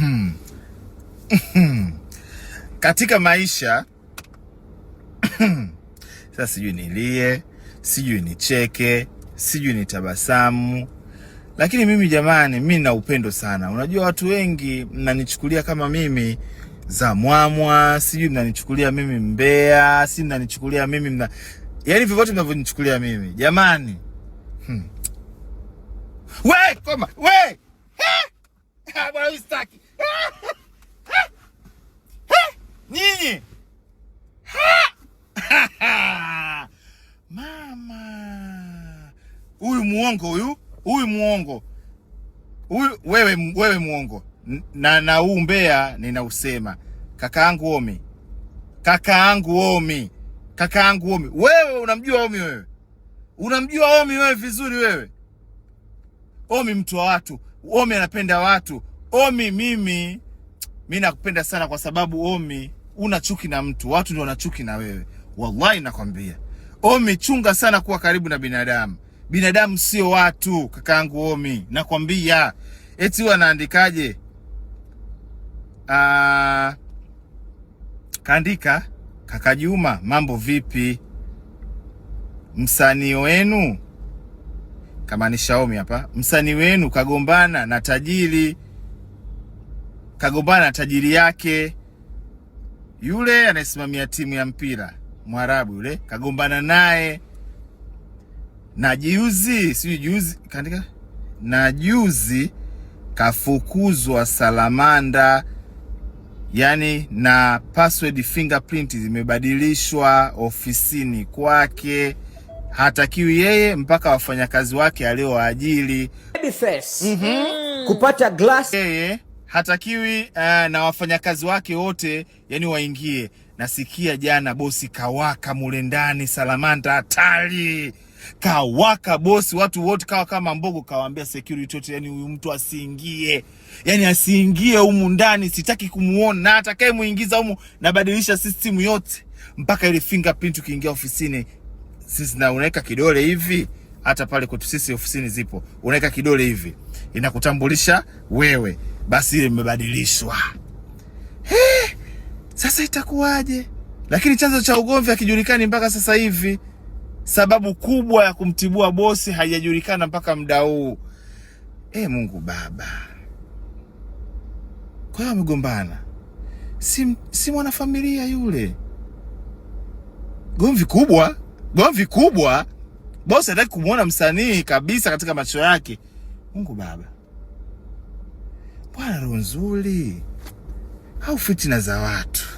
Mhm. Mhm. katika maisha mhm. sasa sijui nilie, sijui nicheke, sijui nitabasamu, lakini mimi jamani, mi na upendo sana. Unajua watu wengi mnanichukulia kama mimi za mwamwa, sijui mnanichukulia mimi mbea, si mnanichukulia mimi mna... yaani vyovyote mnavyonichukulia mimi jamani, hmm. we koma we muongo huyu, huyu muongo huyu, wewe, wewe muongo na na huu mbea ninausema, kakaangu Omi, kakaangu Omi, kakaangu Omi. Wewe unamjua Omi, wewe unamjua Omi wewe vizuri wewe. Omi mtu wa watu, Omi anapenda watu. Omi mimi mi nakupenda sana kwa sababu Omi una chuki na mtu, watu ndio wanachuki na wewe. Wallahi nakwambia Omi, chunga sana kuwa karibu na binadamu. Binadamu sio watu, kakaangu Omi, nakwambia. Eti wanaandikaje? Ah, kaandika kaka Juma, mambo vipi? Msanii wenu kama ni Shaomi hapa, msanii wenu kagombana na tajiri, kagombana na tajiri yake yule anayesimamia timu ya mpira Mwarabu yule, kagombana naye na juzi sijui juzi kaandika na juzi kafukuzwa salamanda, yani na password fingerprint zimebadilishwa ofisini kwake, hatakiwi yeye mpaka wafanyakazi wake aliowaajiri. Mhm. mm -hmm. kupata glass yeye hatakiwi uh, na wafanyakazi wake wote yani waingie nasikia jana bosi kawaka mule ndani, Salamanda hatari kawaka bosi, watu wote kawa kama mbogo. Kawaambia security yote, yani huyu mtu asiingie, yani asiingie humu ndani, sitaki kumuona. Atakaye muingiza humu nabadilisha system yote, mpaka ile fingerprint. Ukiingia ofisini sisi na unaweka kidole hivi, hata pale kwetu sisi ofisini zipo, unaweka kidole hivi, inakutambulisha wewe. Basi ile imebadilishwa. Sasa itakuwaje? Lakini chanzo cha ugomvi hakijulikani mpaka sasa hivi. Sababu kubwa ya kumtibua bosi haijajulikana mpaka muda huu. E, Mungu Baba. Kwa hiyo wamegombana, si, si mwanafamilia yule. Gomvi kubwa, gomvi kubwa. Bosi hataki kumwona msanii kabisa katika macho yake. Mungu Baba, Bwana roho nzuri au fitina za watu.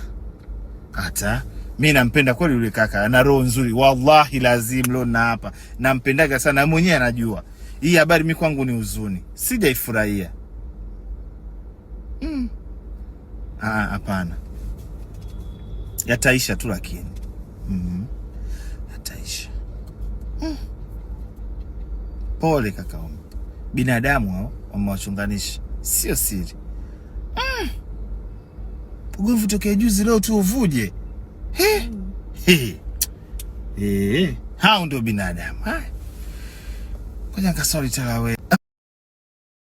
Hata mi nampenda kweli yule kaka, ana roho nzuri, wallahi lazim lo, na hapa nampendaga sana, mwenyewe anajua hii habari. Mi kwangu ni huzuni, sijaifurahia mm. Ah, ah, hapana, yataisha tu lakini mm -hmm. yataisha mm. Pole kaka, binadamu hao wamewachunganisha, sio siri. Ugomvi tokea juzi, leo tu uvuje. He? He. Hao ndio binadamu. Ngoja nikasoli tala wewe.